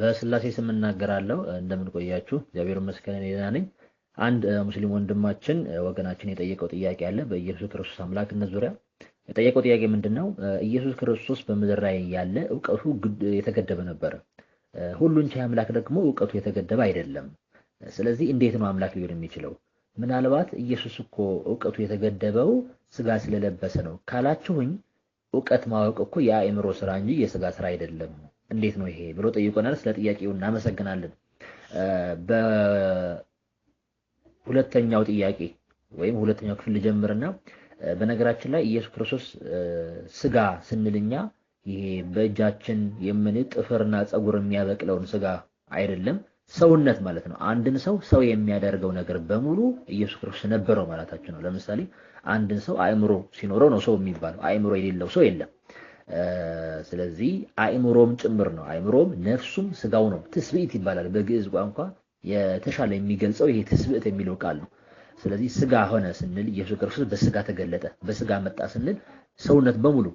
በስላሴ ስም እናገራለሁ። እንደምንቆያችሁ እግዚአብሔር ይመስገን ደህና ነኝ። አንድ ሙስሊም ወንድማችን ወገናችን የጠየቀው ጥያቄ አለ። በኢየሱስ ክርስቶስ አምላክነት ዙሪያ የጠየቀው ጥያቄ ምንድን ነው? ኢየሱስ ክርስቶስ በምድር ላይ ያለ እውቀቱ የተገደበ ነበረ። ሁሉን ቻይ አምላክ ደግሞ እውቀቱ የተገደበ አይደለም። ስለዚህ እንዴት ነው አምላክ ሊሆን የሚችለው? ምናልባት ኢየሱስ እኮ እውቀቱ የተገደበው ስጋ ስለለበሰ ነው ካላችሁኝ፣ እውቀት ማወቅ እኮ የአእምሮ ስራ እንጂ የስጋ ስራ አይደለም። እንዴት ነው ይሄ ብሎ ጠይቆናል። ስለ ጥያቄው እናመሰግናለን። በሁለተኛው ጥያቄ ወይም ሁለተኛው ክፍል ልጀምርና በነገራችን ላይ ኢየሱስ ክርስቶስ ስጋ ስንልኛ ይሄ በእጃችን የምን ጥፍርና ፀጉር የሚያበቅለውን ስጋ አይደለም፣ ሰውነት ማለት ነው። አንድን ሰው ሰው የሚያደርገው ነገር በሙሉ ኢየሱስ ክርስቶስ ነበረው ማለታችን ነው። ለምሳሌ አንድን ሰው አእምሮ ሲኖረው ነው ሰው የሚባለው። አእምሮ የሌለው ሰው የለም። ስለዚህ አእምሮም ጭምር ነው። አእምሮም ነፍሱም ስጋው ነው። ትስብእት ይባላል በግዕዝ ቋንቋ የተሻለ የሚገልጸው ይሄ ትስብእት የሚለው ቃል ነው። ስለዚህ ስጋ ሆነ ስንል ኢየሱስ ክርስቶስ በስጋ ተገለጠ፣ በስጋ መጣ ስንል ሰውነት በሙሉ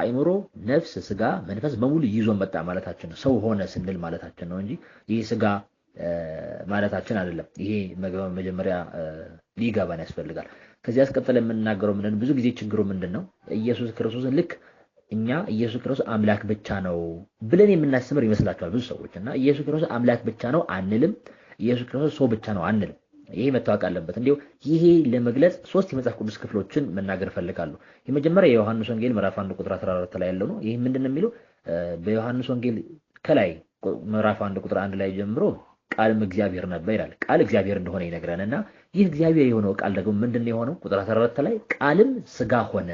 አእምሮ፣ ነፍስ፣ ስጋ፣ መንፈስ በሙሉ ይዞ መጣ ማለታችን ነው። ሰው ሆነ ስንል ማለታችን ነው እንጂ ይሄ ስጋ ማለታችን አይደለም። ይሄ መጀመሪያ ሊገባን ያስፈልጋል። ከዚህ አስቀጥለ የምንናገረው ምንድን ብዙ ጊዜ ችግሩ ምንድን ነው ኢየሱስ ክርስቶስን ልክ እኛ ኢየሱስ ክርስቶስ አምላክ ብቻ ነው ብለን የምናስተምር ይመስላችኋል ብዙ ሰዎች እና ኢየሱስ ክርስቶስ አምላክ ብቻ ነው አንልም። ኢየሱስ ክርስቶስ ሰው ብቻ ነው አንልም። ይሄ መታወቅ አለበት። እንዲሁ ይሄ ለመግለጽ ሶስት የመጽሐፍ ቅዱስ ክፍሎችን መናገር እፈልጋለሁ። የመጀመሪያ የዮሐንስ ወንጌል ምዕራፍ 1 ቁጥር 14 ላይ ያለው ነው። ይህ ምንድን ነው የሚለው? በዮሐንስ ወንጌል ከላይ ምዕራፍ 1 ቁጥር 1 ላይ ጀምሮ ቃልም እግዚአብሔር ነበር ይላል። ቃል እግዚአብሔር እንደሆነ ይነግረን እና ይህ እግዚአብሔር የሆነው ቃል ደግሞ ምንድን ነው የሆነው? ቁጥር 14 ላይ ቃልም ስጋ ሆነ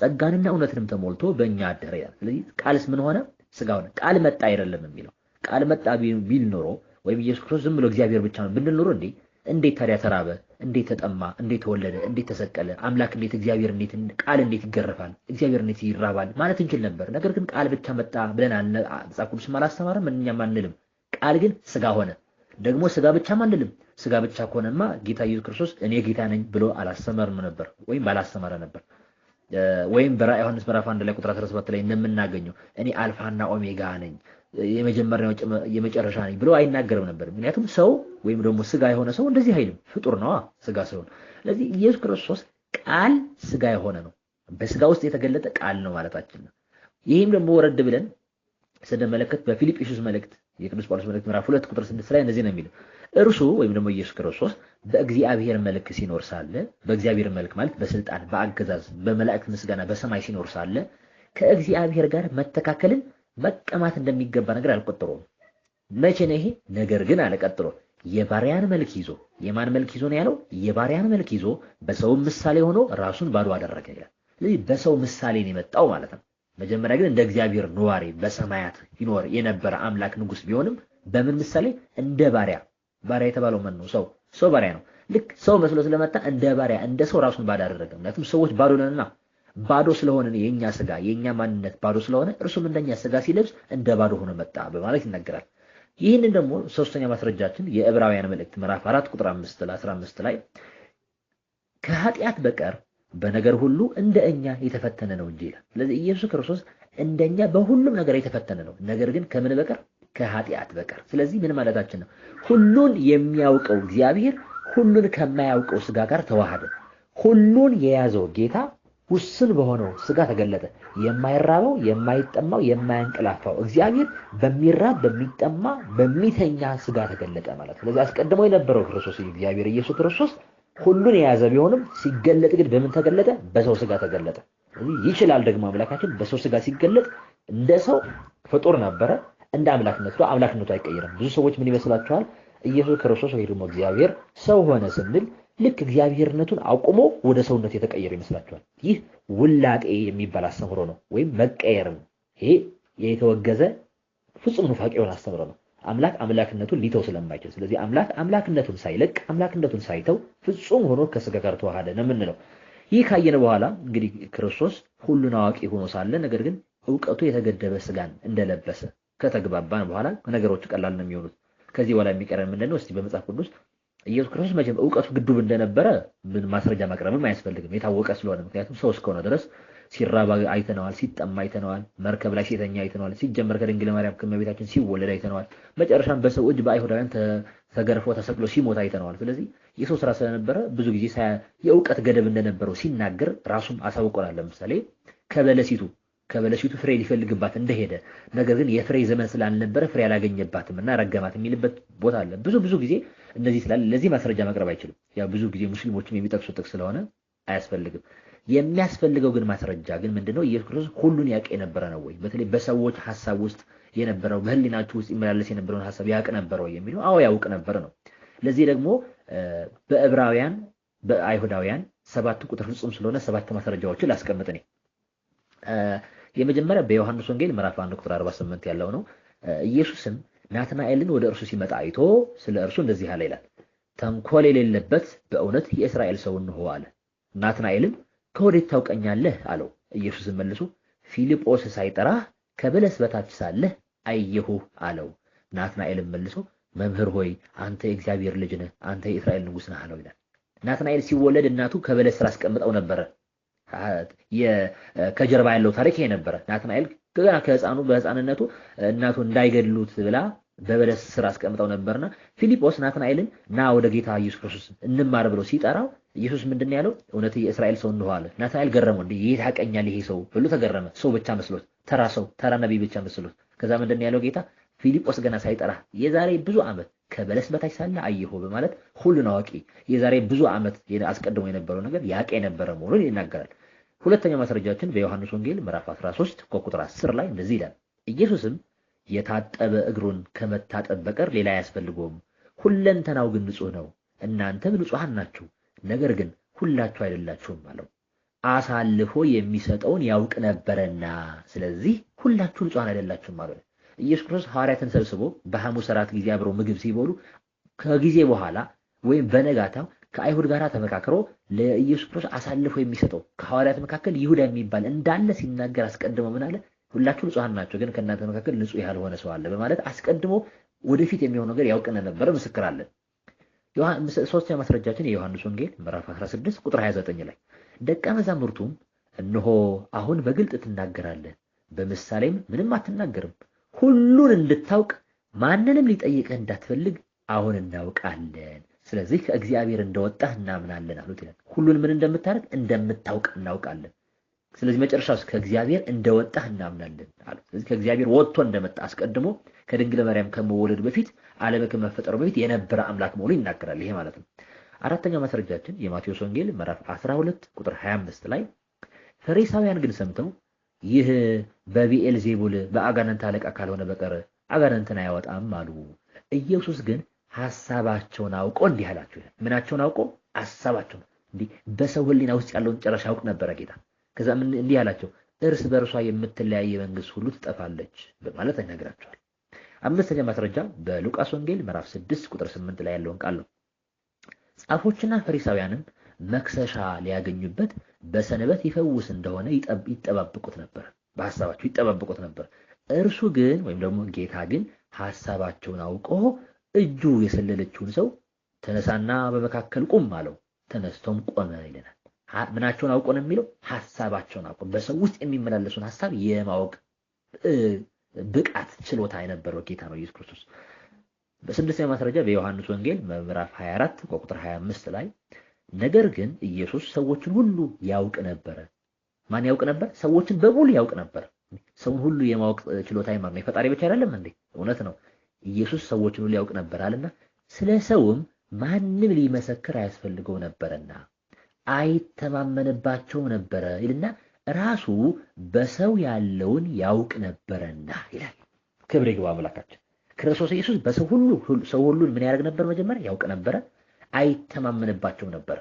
ጸጋንና እውነትንም ተሞልቶ በእኛ አደረ ይላል። ስለዚህ ቃልስ ምን ሆነ? ስጋ ሆነ። ቃል መጣ አይደለም የሚለው ቃል መጣ ቢል ኖሮ ወይም ኢየሱስ ክርስቶስ ዝም ብሎ እግዚአብሔር ብቻ ነው ብንል ኖሮ እንዴ እንዴት ታዲያ ተራበ? እንዴት ተጠማ? እንዴት ተወለደ? እንዴት ተሰቀለ? አምላክ እንዴት እግዚአብሔር እንዴት ቃል እንዴት ይገረፋል? እግዚአብሔር እንዴት ይራባል? ማለት እንችል ነበር። ነገር ግን ቃል ብቻ መጣ ብለን መጽሐፍ ቅዱስም አላስተማረም፣ እኛም አንልም። ቃል ግን ስጋ ሆነ። ደግሞ ስጋ ብቻም አንልም። ስጋ ብቻ ከሆነማ ጌታ ኢየሱስ ክርስቶስ እኔ ጌታ ነኝ ብሎ አላስተማርም ነበር፣ ወይም ባላስተማረ ነበር። ወይም በራእይ ዮሐንስ ምዕራፍ አንድ ላይ ቁጥር 17 ላይ እንደምናገኘው እኔ አልፋና ኦሜጋ ነኝ የመጀመሪያው የመጨረሻ ነኝ ብሎ አይናገርም ነበር። ምክንያቱም ሰው ወይም ደግሞ ስጋ የሆነ ሰው እንደዚህ አይልም፣ ፍጡር ነዋ ስጋ ስለሆነ። ስለዚህ ኢየሱስ ክርስቶስ ቃል ስጋ የሆነ ነው፣ በስጋ ውስጥ የተገለጠ ቃል ነው ማለታችን ነው። ይህም ደግሞ ወረድ ብለን ስንመለከት በፊልጵስዩስ መልእክት የቅዱስ ጳውሎስ መልእክት ምዕራፍ ሁለት ቁጥር ስድስት ላይ እንደዚህ ነው የሚለው እርሱ ወይም ደግሞ ኢየሱስ ክርስቶስ በእግዚአብሔር መልክ ሲኖር ሳለ በእግዚአብሔር መልክ ማለት በስልጣን በአገዛዝ በመላእክት ምስጋና በሰማይ ሲኖር ሳለ ከእግዚአብሔር ጋር መተካከልን መቀማት እንደሚገባ ነገር አልቆጠረውም። መቼ ነው ይሄ ነገር ግን አለቀጥሎ የባሪያን መልክ ይዞ የማን መልክ ይዞ ነው ያለው? የባሪያን መልክ ይዞ በሰው ምሳሌ ሆኖ ራሱን ባዶ አደረገ ይላል። ስለዚህ በሰው ምሳሌ ነው የመጣው ማለት ነው። መጀመሪያ ግን እንደ እግዚአብሔር ነዋሪ በሰማያት ይኖር የነበረ አምላክ ንጉስ ቢሆንም በምን ምሳሌ እንደ ባሪያ ባሪያ የተባለው ማን ነው? ሰው ሰው ባሪያ ነው። ልክ ሰው መስሎ ስለመጣ እንደ ባሪያ እንደ ሰው ራሱን ባዶ አደረገ። ምክንያቱም ሰዎች ባዶ ነንና ባዶ ስለሆነ የኛ ስጋ የኛ ማንነት ባዶ ስለሆነ እርሱም እንደኛ ስጋ ሲለብስ እንደ ባዶ ሆኖ መጣ በማለት ይነገራል። ይህንን ደግሞ ሶስተኛ ማስረጃችን የዕብራውያን መልእክት ምዕራፍ 4 ቁጥር 5 15 ላይ ከኃጢአት በቀር በነገር ሁሉ እንደ እኛ የተፈተነ ነው እንጂ ይላል። ስለዚህ ኢየሱስ ክርስቶስ እንደኛ በሁሉም ነገር የተፈተነ ነው፣ ነገር ግን ከምን በቀር ከኃጢአት በቀር። ስለዚህ ምን ማለታችን ነው? ሁሉን የሚያውቀው እግዚአብሔር ሁሉን ከማያውቀው ስጋ ጋር ተዋሃደ። ሁሉን የያዘው ጌታ ውስን በሆነው ስጋ ተገለጠ። የማይራበው የማይጠማው የማያንቀላፋው እግዚአብሔር በሚራብ በሚጠማ በሚተኛ ስጋ ተገለጠ ማለት። ስለዚህ አስቀድሞ የነበረው ክርስቶስ እግዚአብሔር ኢየሱስ ክርስቶስ ሁሉን የያዘ ቢሆንም ሲገለጥ ግን በምን ተገለጠ? በሰው ስጋ ተገለጠ። ይችላል ደግሞ አምላካችን በሰው ስጋ ሲገለጥ እንደ ሰው ፍጡር ነበረ፣ እንደ አምላክነቱ አምላክነቱ አይቀየርም። ብዙ ሰዎች ምን ይመስላችኋል? ኢየሱስ ክርስቶስ ወይ ደግሞ እግዚአብሔር ሰው ሆነ ስንል ልክ እግዚአብሔርነቱን አቁሞ ወደ ሰውነት የተቀየረ ይመስላችኋል። ይህ ውላጤ የሚባል አስተምሮ ነው፣ ወይም መቀየር ነው። ይሄ የተወገዘ ፍጹም ኑፋቄ የሆነ አስተምሮ ነው። አምላክ አምላክነቱን ሊተው ስለማይችል ስለዚህ አምላክ አምላክነቱን ሳይለቅ አምላክነቱን ሳይተው ፍጹም ሆኖ ከስጋ ጋር ተዋሃደ ነው የምንለው። ይህ ካየን በኋላ እንግዲህ ክርስቶስ ሁሉን አዋቂ ሆኖ ሳለ ነገር ግን እውቀቱ የተገደበ ስጋን እንደለበሰ ከተግባባን በኋላ ነገሮች ቀላል ነው የሚሆኑት። ከዚህ በኋላ የሚቀረን ምንድን ነው? እስቲ በመጽሐፍ ቅዱስ ኢየሱስ ክርስቶስ መቼም እውቀቱ ግዱብ እንደነበረ ምን ማስረጃ ማቅረብም አያስፈልግም፣ የታወቀ ስለሆነ ምክንያቱም ሰው እስከሆነ ድረስ ሲራባ አይተነዋል፣ ሲጠማ አይተነዋል፣ መርከብ ላይ ሲተኛ አይተነዋል። ሲጀመር ከድንግል ማርያም ከመቤታችን ሲወለድ አይተነዋል። መጨረሻም በሰው እጅ በአይሁዳውያን ተገርፎ ተሰቅሎ ሲሞት አይተነዋል። ስለዚህ የሰው ስራ ስለነበረ ብዙ ጊዜ የእውቀት ገደብ እንደነበረው ሲናገር ራሱም አሳውቆናል። ለምሳሌ ከበለሲቱ ከበለሲቱ ፍሬ ሊፈልግባት እንደሄደ ነገር ግን የፍሬ ዘመን ስላልነበረ ፍሬ አላገኘባትም እና ረገማት የሚልበት ቦታ አለ። ብዙ ብዙ ጊዜ እነዚህ ስላለ ለዚህ ማስረጃ ማቅረብ አይችልም። ያው ብዙ ጊዜ ሙስሊሞችም የሚጠቅሱ ጥቅስ ስለሆነ አያስፈልግም። የሚያስፈልገው ግን ማስረጃ ግን ምንድነው? ኢየሱስ ክርስቶስ ሁሉን ያውቅ የነበረ ነው ወይ? በተለይ በሰዎች ሀሳብ ውስጥ የነበረው በህሊናችሁ ውስጥ ይመላለስ የነበረውን ሀሳብ ያውቅ ነበር ወይ የሚለው አዎ ያውቅ ነበር ነው። ለዚህ ደግሞ በዕብራውያን በአይሁዳውያን ሰባቱ ቁጥር ፍጹም ስለሆነ ሰባት ማስረጃዎችን ላስቀምጥ እኔ። የመጀመሪያ በዮሐንስ ወንጌል ምዕራፍ 1 ቁጥር 48 ያለው ነው። ኢየሱስም ናትናኤልን ወደ እርሱ ሲመጣ አይቶ ስለ እርሱ እንደዚህ አለ ይላል፣ ተንኮል የሌለበት በእውነት የእስራኤል ሰው እንሆ አለ። ናትናኤልም ከወዴት ታውቀኛለህ አለው። ኢየሱስም መልሶ ፊልጶስ ሳይጠራህ ከበለስ በታች ሳለህ አየሁህ አለው። ናትናኤልም መልሶ መምህር ሆይ አንተ የእግዚአብሔር ልጅ ነህ፣ አንተ የእስራኤል ንጉሥ ነህ አለው ይላል። ናትናኤል ሲወለድ እናቱ ከበለስ ስር አስቀምጠው ነበረ። ከጀርባ ያለው ታሪክ ይሄ ነበረ። ናትናኤል ገና ከህፃኑ በህፃንነቱ እናቱ እንዳይገድሉት ብላ በበለስ ስር አስቀምጠው ነበርና ፊሊጶስ ናትናኤልን ና ወደ ጌታ ኢየሱስ ክርስቶስ እንማር ብሎ ሲጠራው ኢየሱስ ምንድን ያለው? እውነት የእስራኤል ሰው እንሆ አለ። ናትናኤል ገረመው። እንዴ ይሄ ታቀኛል ይሄ ሰው ብሎ ተገረመ። ሰው ብቻ መስሎት፣ ተራ ሰው፣ ተራ ነቢይ ብቻ መስሎት። ከዛ ምንድን ያለው ጌታ ፊሊጶስ ገና ሳይጠራ የዛሬ ብዙ ዓመት ከበለስ በታች ሳለ አየሁ በማለት ሁሉን አዋቂ የዛሬ ብዙ ዓመት አስቀድሞ የነበረው ነገር ያቀ የነበረ መሆኑን ይናገራል። ሁለተኛው ማስረጃችን በዮሐንስ ወንጌል ምዕራፍ 13 ቁጥር 10 ላይ እንደዚህ ይላል ኢየሱስም የታጠበ እግሩን ከመታጠብ በቀር ሌላ አያስፈልገውም። ሁለንተናው ግን ንጹህ ነው። እናንተም ንጹሐን ናችሁ፣ ነገር ግን ሁላችሁ አይደላችሁም አለው። አሳልፎ የሚሰጠውን ያውቅ ነበረና ስለዚህ ሁላችሁ ንጹሐን አይደላችሁም አለ። ኢየሱስ ክርስቶስ ሐዋርያትን ሰብስቦ በሐሙስ እራት ጊዜ አብረው ምግብ ሲበሉ ከጊዜ በኋላ ወይም በነጋታው ከአይሁድ ጋር ተመካክሮ ለኢየሱስ ክርስቶስ አሳልፎ የሚሰጠው ከሐዋርያት መካከል ይሁዳ የሚባል እንዳለ ሲናገር አስቀድሞ ምን አለ? ሁላችሁ ንጹሐን ናቸው፣ ግን ከእናንተ መካከል ንጹህ ያልሆነ ሰው አለ በማለት አስቀድሞ ወደፊት የሚሆን ነገር ያውቅ እንደነበረ ምስክር አለን። ሶስተኛ ማስረጃችን የዮሐንስ ወንጌል ምዕራፍ 16 ቁጥር 29 ላይ ደቀ መዛሙርቱም እነሆ አሁን በግልጥ ትናገራለህ፣ በምሳሌም ምንም አትናገርም፣ ሁሉን እንድታውቅ ማንንም ሊጠይቅህ እንዳትፈልግ አሁን እናውቃለን። ስለዚህ ከእግዚአብሔር እንደወጣህ እናምናለን አሉት ይላል። ሁሉን ምን እንደምታደርግ እንደምታውቅ እናውቃለን። ስለዚህ መጨረሻውስ ከእግዚአብሔር እንደወጣህ እናምናለን አሉ። ስለዚህ ከእግዚአብሔር ወጥቶ እንደመጣ አስቀድሞ ከድንግል ማርያም ከመወለድ በፊት ዓለም ከመፈጠሩ በፊት የነበረ አምላክ መሆኑ ይናገራል። ይሄ ማለት ነው። አራተኛው ማስረጃችን የማቴዎስ ወንጌል ምዕራፍ 12 ቁጥር 25 ላይ ፈሪሳውያን ግን ሰምተው ይህ በቢኤል ዜቡል በአጋንንት አለቃ ካልሆነ በቀር አጋንንትን አያወጣም አሉ። ኢየሱስ ግን ሐሳባቸውን አውቆ እንዲህ አላቸው። ምናቸውን አውቆ ሐሳባቸውን እንዲህ በሰው ሕሊና ውስጥ ያለውን ጨረሻ አውቅ ነበረ ጌታ ከዛም እንዲህ አላቸው እርስ በእርሷ የምትለያይ መንግስት ሁሉ ትጠፋለች በማለት ይነግራቸዋል። አምስተኛ ማስረጃ በሉቃስ ወንጌል ምዕራፍ 6 ቁጥር 8 ላይ ያለውን ቃል ነው። ጻፎችና ፈሪሳውያንም መክሰሻ ሊያገኙበት በሰንበት ይፈውስ እንደሆነ ይጠባብቁት ነበር፣ በሐሳባቸው ይጠባብቁት ነበር። እርሱ ግን ወይም ደግሞ ጌታ ግን ሐሳባቸውን አውቆ እጁ የሰለለችውን ሰው ተነሳና በመካከል ቁም አለው። ተነስቶም ቆመ ይለናል። ምናቸውን አውቆ ነው የሚለው ሀሳባቸውን አውቆ በሰው ውስጥ የሚመላለሱን ሀሳብ የማወቅ ብቃት ችሎታ የነበረው ጌታ ነው ኢየሱስ ክርስቶስ። በስድስተኛ ማስረጃ በዮሐንስ ወንጌል ምዕራፍ 24 ከቁጥር 25 ላይ ነገር ግን ኢየሱስ ሰዎችን ሁሉ ያውቅ ነበረ። ማን ያውቅ ነበር? ሰዎችን በሙሉ ያውቅ ነበር። ሰውን ሁሉ የማወቅ ችሎታ ይማር ነው የፈጣሪ ብቻ አይደለም እንዴ? እውነት ነው። ኢየሱስ ሰዎችን ሁሉ ያውቅ ነበር አለና ስለ ሰውም ማንም ሊመሰክር አያስፈልገው ነበርና አይተማመንባቸው ነበረ ይልና ራሱ በሰው ያለውን ያውቅ ነበረና ይላል። ክብር ይግባ አምላካችን። ክርስቶስ ኢየሱስ በሰው ሁሉ ሰው ሁሉን ምን ያደርግ ነበር? መጀመሪያ ያውቅ ነበረ፣ አይተማመንባቸው ነበር።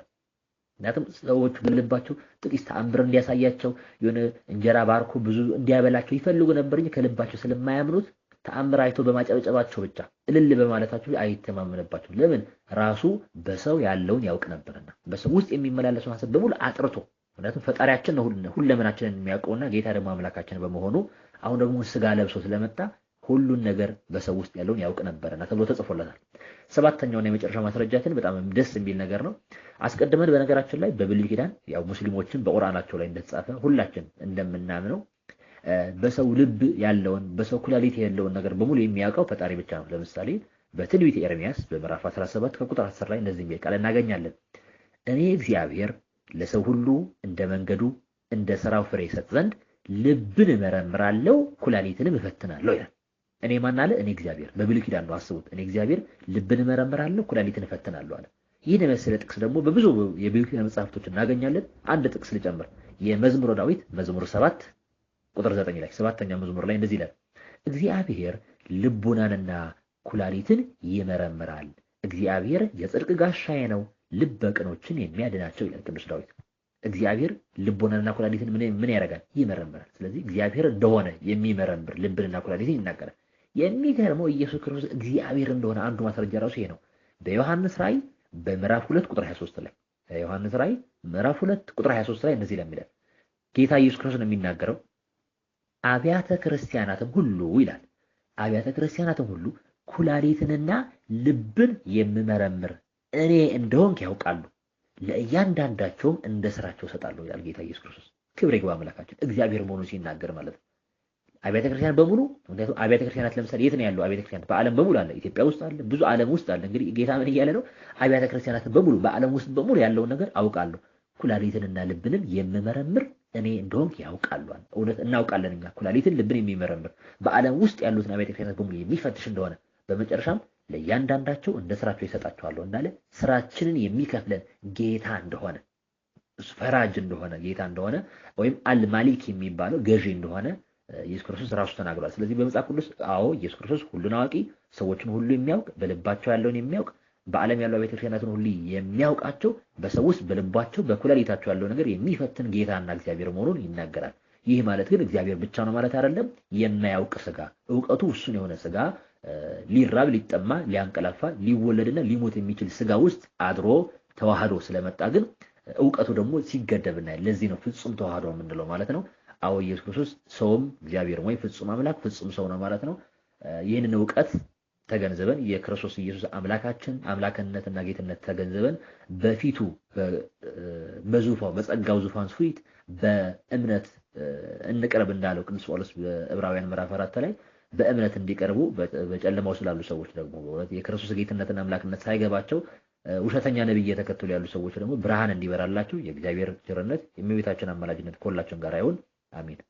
ምክንያቱም ሰዎች በልባቸው ጥቂት ተአምር እንዲያሳያቸው የሆነ እንጀራ ባርኮ ብዙ እንዲያበላቸው ይፈልጉ ነበር እንጂ ከልባቸው ስለማያምኑት ተአምር አይቶ በማጨብጨባቸው ብቻ እልል በማለታቸው አይተማመንባቸው። ለምን? ራሱ በሰው ያለውን ያውቅ ነበርና በሰው ውስጥ የሚመላለሱ ሀሳብ በሙሉ አጥርቶ ምክንያቱም ፈጣሪያችን ነው ሁለመናችንን የሚያውቀውና ጌታ ደግሞ አምላካችን በመሆኑ አሁን ደግሞ ስጋ ለብሶ ስለመጣ ሁሉን ነገር በሰው ውስጥ ያለውን ያውቅ ነበርና ተብሎ ተጽፎለታል። ሰባተኛውና የመጨረሻ ማስረጃችን በጣም ደስ የሚል ነገር ነው። አስቀድመን በነገራችን ላይ በብሉይ ኪዳን ያው ሙስሊሞችን በቁርአናቸው ላይ እንደተጻፈ ሁላችን እንደምናምነው በሰው ልብ ያለውን በሰው ኩላሊት ያለውን ነገር በሙሉ የሚያውቀው ፈጣሪ ብቻ ነው። ለምሳሌ በትንቢተ ኤርሚያስ በምዕራፍ 17 ከቁጥር 10 ላይ እነዚህ የሚል ቃል እናገኛለን። እኔ እግዚአብሔር ለሰው ሁሉ እንደ መንገዱ እንደ ስራው ፍሬ ይሰጥ ዘንድ ልብን እመረምራለሁ ኩላሊትንም እፈትናለሁ ይላል። እኔ ማን አለ? እኔ እግዚአብሔር። በብሉይ ኪዳን ነው አስቡት። እኔ እግዚአብሔር ልብን እመረምራለሁ ኩላሊትን እፈትናለሁ አለ። ይህን የመሰለ ጥቅስ ደግሞ በብዙ የብሉይ ኪዳን መጽሐፍቶች እናገኛለን። አንድ ጥቅስ ልጨምር። የመዝሙረ ዳዊት መዝሙር ሰባት ቁጥር ዘጠኝ ላይ ሰባተኛ መዝሙር ላይ እንደዚህ ይላል፣ እግዚአብሔር ልቡናንና ኩላሊትን ይመረምራል፣ እግዚአብሔር የጽድቅ ጋሻዬ ነው፣ ልበ ቅኖችን የሚያድናቸው ይላል ቅዱስ ዳዊት። እግዚአብሔር ልቦናንና ኩላሊትን ምን ያደርጋል? ይመረምራል። ስለዚህ እግዚአብሔር እንደሆነ የሚመረምር ልብንና ኩላሊትን ይናገራል። የሚገርመው ኢየሱስ ክርስቶስ እግዚአብሔር እንደሆነ አንዱ ማስረጃ ራሱ ይሄ ነው። በዮሐንስ ራእይ በምዕራፍ ሁለት ቁጥር 23 ላይ ዮሐንስ ራእይ ምዕራፍ ሁለት ቁጥር 23 ላይ እንደዚህ ለሚለን ጌታ ኢየሱስ ክርስቶስ ነው የሚናገረው አብያተ ክርስቲያናትም ሁሉ ይላል አብያተ ክርስቲያናትም ሁሉ ኩላሊትንና ልብን የምመረምር እኔ እንደሆንክ ያውቃሉ፣ ለእያንዳንዳቸውም እንደ ስራቸው እሰጣለሁ ይላል ጌታ ኢየሱስ ክርስቶስ። ክብር ይግባ አምላካችን እግዚአብሔር መሆኑን ሲናገር ማለት ነው። አብያተ ክርስቲያን በሙሉ ምክንያቱም አብያተ ክርስቲያናት ለምሳሌ የት ነው ያለው? አብያተ ክርስቲያናት በዓለም በሙሉ አለ። ኢትዮጵያ ውስጥ አለ፣ ብዙ ዓለም ውስጥ አለ። እንግዲህ ጌታ ምን እያለ ነው? አብያተ ክርስቲያናትን በሙሉ በዓለም ውስጥ በሙሉ ያለውን ነገር አውቃለሁ፣ ኩላሊትንና ልብንም የምመረምር እኔ እንደሆንክ ያውቃሉ። እውነት እናውቃለን እኛ ኩላሊትን፣ ልብን የሚመረምር በዓለም ውስጥ ያሉትን አብያተ ክርስቲያናት በሙሉ የሚፈትሽ እንደሆነ በመጨረሻም ለእያንዳንዳቸው እንደ ስራቸው ይሰጣቸዋለሁ እንዳለ ስራችንን የሚከፍለን ጌታ እንደሆነ ፈራጅ እንደሆነ ጌታ እንደሆነ ወይም አልማሊክ የሚባለው ገዢ እንደሆነ ኢየሱስ ክርስቶስ ራሱ ተናግሯል። ስለዚህ በመጽሐፍ ቅዱስ አዎ ኢየሱስ ክርስቶስ ሁሉን አዋቂ፣ ሰዎችን ሁሉ የሚያውቅ፣ በልባቸው ያለውን የሚያውቅ በዓለም ያለው ቤተክርስቲያናትን ሁሉ የሚያውቃቸው ውስጥ በልባቸው በኩላሊታቸው ያለው ነገር የሚፈትን ጌታና እግዚአብሔር መሆኑን ይናገራል። ይህ ማለት ግን እግዚአብሔር ብቻ ነው ማለት አይደለም። የማያውቅ ስጋ እውቀቱ ውሱን የሆነ ስጋ ሊራብ፣ ሊጠማ፣ ሊያንቀላፋ፣ ሊወለድና ሊሞት የሚችል ስጋ ውስጥ አድሮ ተዋህዶ ስለመጣ ግን እውቀቱ ደግሞ ሲገደብ እናያል። ለዚህ ነው ፍጹም ተዋህዶ የምንለው ማለት ነው። አዎ ኢየሱስ ክርስቶስ ሰውም እግዚአብሔር ወይ ፍጹም አምላክ ፍጹም ሰው ነው ማለት ነው። ይህንን እውቀት ተገንዘበን የክርስቶስ ኢየሱስ አምላካችን አምላክነትና ጌትነት ተገንዘበን በፊቱ በዙፋው በጸጋው ዙፋን ፊት በእምነት እንቅረብ እንዳለው ቅዱስ ጳውሎስ በዕብራውያን ምዕራፍ አራት ላይ በእምነት እንዲቀርቡ በጨለማው ስላሉ ሰዎች ደግሞ የክርስቶስ ጌትነትና አምላክነት ሳይገባቸው ውሸተኛ ነቢይ እየተከተሉ ያሉ ሰዎች ደግሞ ብርሃን እንዲበራላቸው የእግዚአብሔር ቸርነት የእመቤታችን አማላጅነት ከሁላችን ጋር አይሆን። አሚን።